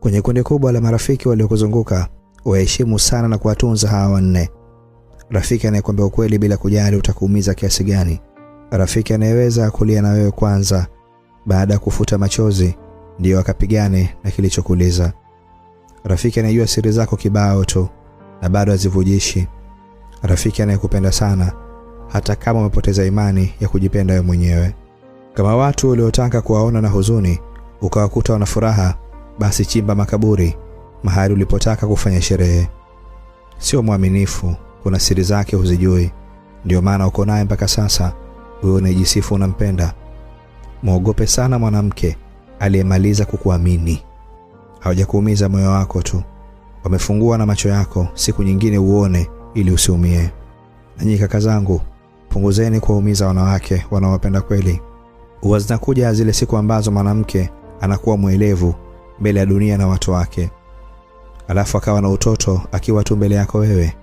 Kwenye kundi kubwa la marafiki waliokuzunguka, waheshimu sana na kuwatunza hawa wanne: rafiki anayekwambia ukweli bila kujali utakuumiza kiasi gani, rafiki anayeweza kulia na wewe kwanza, baada ya kufuta machozi ndiyo akapigane na kilichokuuliza, rafiki anayejua siri zako kibao tu na bado hazivujishi, rafiki anayekupenda sana hata kama umepoteza imani ya kujipenda wewe mwenyewe. Kama watu uliotaka kuwaona na huzuni ukawakuta wana furaha basi chimba makaburi mahali ulipotaka kufanya sherehe. Sio mwaminifu, kuna siri zake huzijui, ndio maana uko naye mpaka sasa. Wewe unajisifu unampenda. Mwogope sana mwanamke aliyemaliza kukuamini. Hawajakuumiza moyo wako tu, wamefungua na macho yako, siku nyingine uone ili usiumie. Nanyi kaka zangu, punguzeni kuwaumiza wanawake wanaowapenda kweli. Huwa zinakuja zile siku ambazo mwanamke anakuwa mwelevu mbele ya dunia na watu wake, alafu akawa na utoto akiwa tu mbele yako wewe,